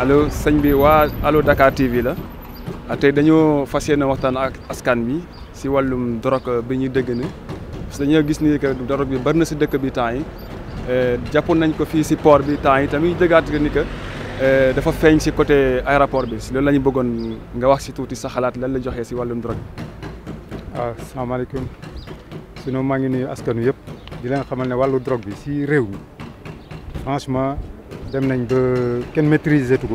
allo señ bi wa allo Dakar TV la atay ah, dañu fas yéene ak askan bi si walum drok bi ñuy dégg ne parce dañu gis ni que drok bi barna ci si dëkk bi tan yi eh, jappu nañ ko fi si port bi tan yi tamit dëggaat ni que eh, dafa feñ ci côté aéroport bi si lañu bëggon nga wax ci touti sa xalaat lan la joxee ci walum drok assalamu ah, alaykum sino ma ngi ni askan di leen xamal ne walu drok bi ci réew franchement. dem nañ ba tout maîtriser tu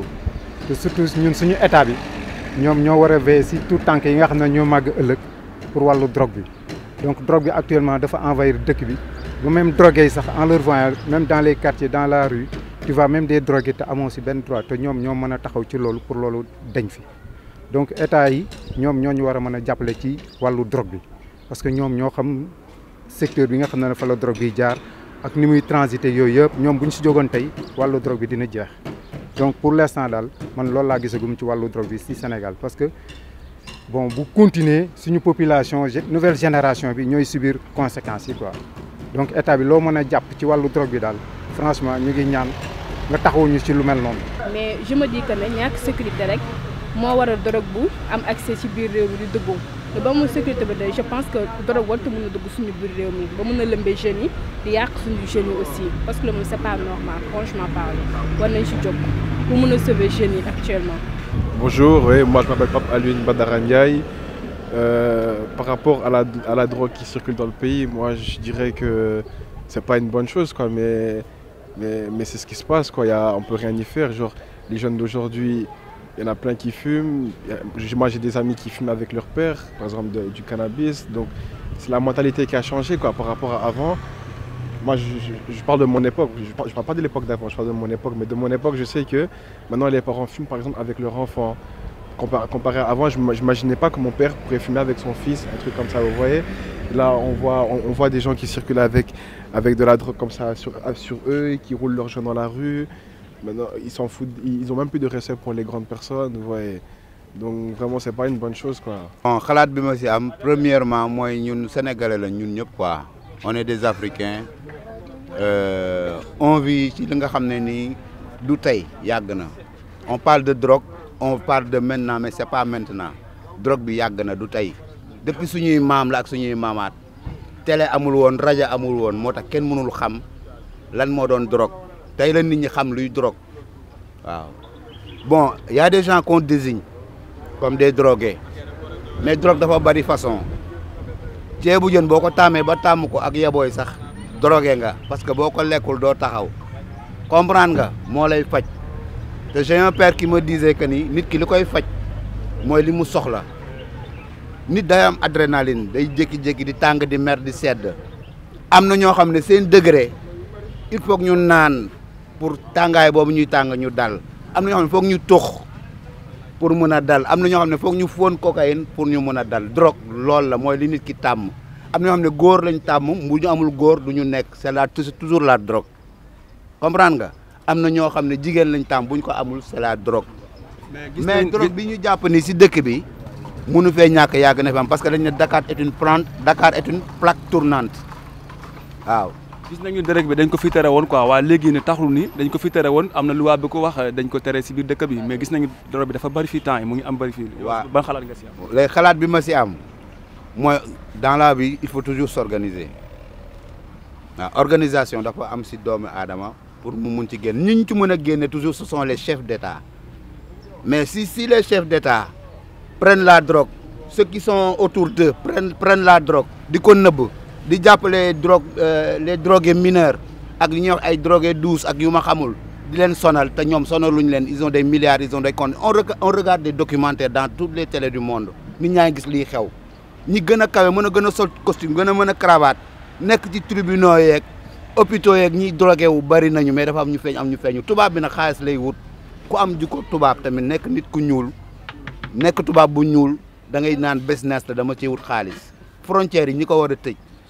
te surtout ñun suñu état bi ñoom ñoo war a veiller tout tànk yi nga xam ne ñoo màgg pour wàllu drogue bi donc drogue bi actuellement dafa envahir dëkk bi même drogué sax en leur voyant même dans les quartiers dans la rue tu vois même des drogués te amoo si benn droit te ñoom ñoo mën taxaw ci pour loolu dañ fi donc état yi ñoom ñoo ñu war a mën ci drogue bi parce que nous ñoo xam secteur bi nga xam ne fa la drogue bi jaar ak ni muy transiter yooyu yëpp ñoom bu ñu si jógoon tey drogue bi dina jeex donc pour l'instant dal man loolu laa gisagum ci walu drogue bi ci Sénégal parce que bon bu continuer suñu population nouvelle génération bi ñoy subir conséquences quoi donc état bi lo mën japp ci walu drogue bi dal franchement ñu ngi ñaan nga ñu ci lu mel non mais je me dis que ne sécurité rek mo waral drogue bu am accès ci biir réew bi di dubbu ba mu sécurité bi je pense que dara wartu mën a dugg suñu biir réew mi ba mën a jeune jeunes yi di yàq suñu jeune aussi parce que loolu c'est pas normal franchement parlant war nañ ci jóg pour mën a sauver jeune yi actuellement. Bonjour, oui, moi je m'appelle Pape Aline Badara Euh, par rapport à la, à la drogue qui circule dans le pays, moi je dirais que c'est pas une bonne chose quoi, mais, mais, mais c'est ce qui se passe quoi, y a, on peut rien y faire. Genre, les jeunes d'aujourd'hui, il y en a plein qui fument. Moi, j'ai des amis qui fument avec leur père, par exemple du cannabis. Donc, c'est la mentalité qui a changé quoi, par rapport à avant. Moi, je, parle de mon époque. Je ne parle, pas de l'époque d'avant, je parle de mon époque. Mais de mon époque, je sais que maintenant, les parents fument, par exemple, avec leur enfant. Comparé, à avant, je n'imaginais pas que mon père pourrait fumer avec son fils, un truc comme ça, vous voyez. Là, on voit, on, voit des gens qui circulent avec, avec de la drogue comme ça sur, eux, et qui roulent leurs gens dans la rue. Maintenant, ils s'en foutent, ils ont même plus de respect pour les grandes personnes. Donc vraiment, c'est pas une bonne chose. Quoi. Bon, premièrement, moi, nous, Sénégalais, nous, quoi. on est des Africains. Euh, on vit, si xamné ni du tay, On parle de drogue, on parle de maintenant, mais c'est pas maintenant. Drogue bi yagna, du tay. Depuis suñuy mam la ak suñuy mamat, télé amul won, radio amul won, motax kenn mënul xam lan mo doon drogue tey la nit ñi xam luy drogue waaw bon y a des gens qu'on désigne comme des drogués mais drogue dafa bari façon ceebu jën boo ko tàmmee ba tàmm ko ak yabooy sax drogué nga parce que boo ko lekkul doo taxaw comprendre nga moo lay faj te j'ai un père qui me disait que ni nit ki li koy faj mooy li mu soxla nit day am adrénaline day jékki-jékki di tàng di mer di sedd am na ñoo xam ne seen degré il faut que ñu naan pour tàngaay boobu ñuy tàng ñu dal am na ñoo xam ne foog ñu tux pour mën a dal am na ñoo xam ne foog ñu fóon cocaïne pour ñu mën a dal drogue loolu la mooy li nit ki tàmm am na ñoo xam ne góor lañ tàmm bu ñu amul góor du ñu nekk c'est la toujours la drogue comprendre nga am na ñoo xam ne jigéen lañ tàmm bu ñu ko amul c'est la drogue mais drogue bi ñu jàpp ni si dëkk bi mu nu fee ñàkk yàgg na fi parce que dañ ne Dakar est une plante Dakar est une plaque tournante waaw gis nañu déreg bi dañ ko fi tere woon quoi wa légui ne taxul ni dañ ko fi tere woon am na bi ko wax dañ ko téré ci biir dëkk bi mais gis nañu drogue bi dafa bari fi temps yi mu ngi am bari fi wa ban xalaat nga si am léegi xalaat bi ma si am moy dans la vie il faut toujours s'organiser waaw ah, organisation dafa am ci doomu adama pour mu mun ci génn ñiñ ci mëna a toujours ce sont les chefs d'État mais si si les chefs d'État prennent la drogue ceux qui sont autour d'eux prennent prennent la drogue diko neub di jàppale drogue euh, les drogues mineures, ak li ñuy wax ay drogués douces ak yu xamul di leen sonal te ñoom sonaluñu leen ils ont des milliards ils ont des comptes on regarde des documentaires dans toutes les télé du monde nit ñaa ngi gis lii xew ñi gën a kawe mën costume gën a cravate nekk ci tribunaux yeeg hôpitaux yeeg ñiy drogué bari nañu mais dafa am ñu feeñ am ñu feeñu tubaab bi nag xaalis lay wut ku am jikko tubaab tamit nekk nit ku ñuul nekk tubaab bu ñuuul da ngay naan business la dama ciy wut xaalis frontières yi ñi ko war a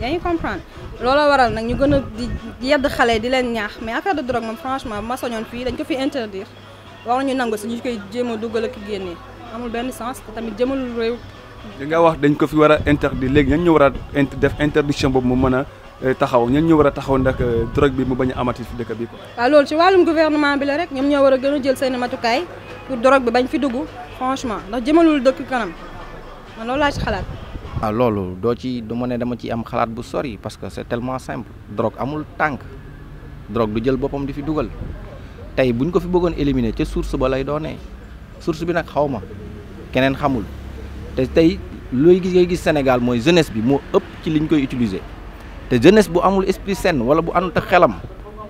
yaa ngi comprendre looloo waral nag ñu gën a di yedd xale di leen ñaax mais affaire de drogue moom franchement ma soñoon fii dañ ko fi interdire waruñu nangu si ñu koy jéem a dugal ak génnee amul benn sens te tamit jëmalul réew. li wax dañ ko fi war a interdire léegi ñan ñu war a def interdiction boobu mu mën a euh, taxaw ñan ñu war a taxaw ndax euh, drogue bi mu bañ a amati fi dëkk bi ko waaw loolu ci wàllum gouvernement bi la rek ñoom ñoo war a gën a jël seen matukaay pour drogue fi dugg franchement ndax jëmalul dëkk kanam man loolu laa xalaat. ah loolu doo ci du ma ne dama ci am xalaat bu sori parce que c'est tellement simple drogue amul tànk drogue du jël boppam di fi dugal tey buñ ko fi bëggoon éliminer ca source ba lay doonee source bi nag xawma keneen xamul te tey looy gis ngay gis Sénégal mooy jeunesse bi moo ëpp ci liñ koy utiliser te jenesse bu amul esprit sain wala bu àndut xelam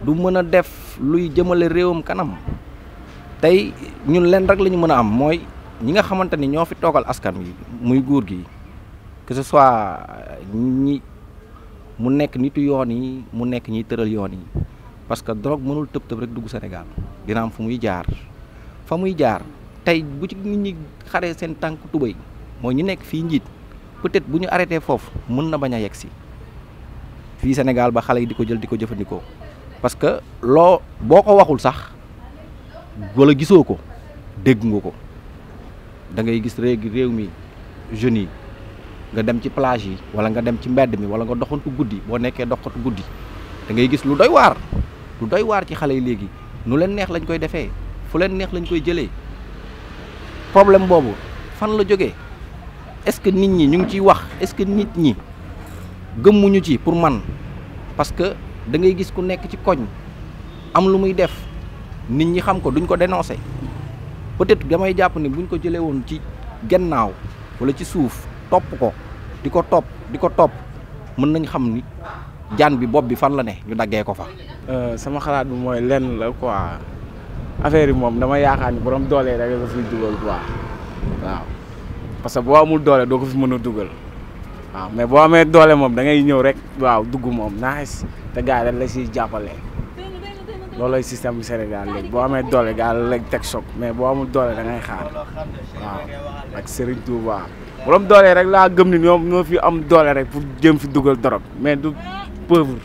du mën a def luy jëmale réewam kanam tey ñun leen rek lañu mën a am mooy ñi nga xamante ni ñoo fi toogal askan wi muy góor gi. que ce soit ñi mu nek nitu yoon yi mu nek ñi teural yoon yi parce que drogue mënul tëb tëb rek duggu Sénégal dina am fu muy jaar fa muy jaar tay bu ci nit ñi xaré sen tank tubay mo ñu nek fi njiit peut-être bu ñu arrêté foofu mën na baña yexi fi Sénégal ba xalé yi di jël di ko parce que lo boko waxul sax wala gisoko ko nga ko da ngay gis réegi mi jeune nga dem ci plage yi wala nga dem ci mbedd mi wala nga doxantu guddi boo nekkee doxatu guddi da ngay gis lu doy waar lu doy waar ci xale yi léegi nu leen neex lañ koy defee fu leen neex lañ koy jëlee problème boobu fan la jóge est-ce que nit ñi ñu ngi ciy wax est-ce que nit ñi gëmmuñu ci pour man parce que da ngay gis ku nekk ci koñ am lu muy def nit ñi xam ko duñ ko dénoncé peut-être damay jàpp ni buñ ko jëlee woon ci gannaaw wala ci suuf. top ko diko top diko top mën nañ xam ni jaan bi bob bi fan la ne ñu daggé ko fa. euh sama xalaat bu moy lenn la quoi affaire yi mom dama yaakaani borom doole rek la fi duggal quoi waaw parce que bo amul doole do ko fi mëna duggal waaw mais bo amé doole mom da ngay ñëw rek waaw duggu mom nice te gaay rek la ci jappalé lolay système du Sénégal léegi bo amé doole gaal la tek choc mais bo amul doole da ngay xaar waaw ak Serigne Touba. borom doole rek laa gëm ni ñoom ñoo fi am doole rek pour jëm fi dugal dorog mais du pauvre.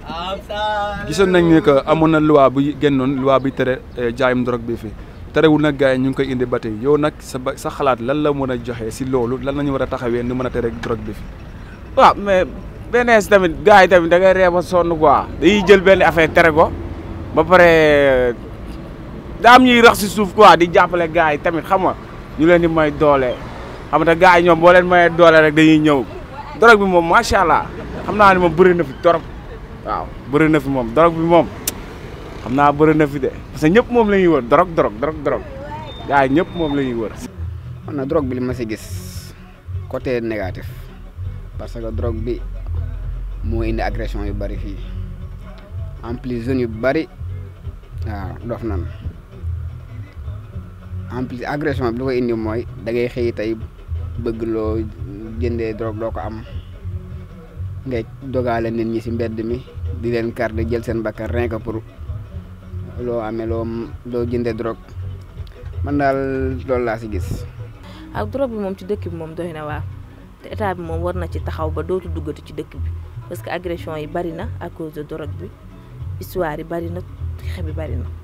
gisoon nañ ne que amoon na luwaa bu génnoon luwaa bi tere eh, jaayum dorog bi fi terewul nag gars yi ñu ngi koy indi ba tey yow nag sa sa xalaat lan la mën a joxe si loolu lan la ñu war a taxawee ni mën a tere dorog bi fi waaw mais beneen si tamit gars yi tamit da ngay reeb a sonn quoi. dañuy jël benn affaire tere ko ba pare euh, daa am ñuy rax si suuf quoi di jàppale gars yi tamit xam nga ñu leen di may doole. xam nga gars yi ñoom boo ma mayee doole rek dañuy ñëw dorog bi moom macha allah xam naa ne moom bëri na fi torop waaw bëri na fi moom dorog bi moom xam naa bëri na fi de parce que ñëpp moom la ñuy wër dorog dorog dorog dorog gars ñëpp moom la ñuy wër. man na drogue bi li ma si gis côté négatif parce que drogue bi moo indi agression yu bari fii en plus jeunes yu bëri waaw dof nan en plus agression bi lu koy indi mooy da ngay xëy tey. bëgg loo jëndee drogue doo ko am nga dogaale nit ñi si mbedd mi di leen kar jël seen bakkan rien pour loo amee loo loo jëndee drogue man daal loolu laa si gis. ak drogue bi moom ci dëkk bi moom doy na waa te état bi moom war na ci taxaw ba dootu duggati ci dëkk bi parce que agression yi bari na à cause de drogue bi histoire yi bari na xeex bi bari na.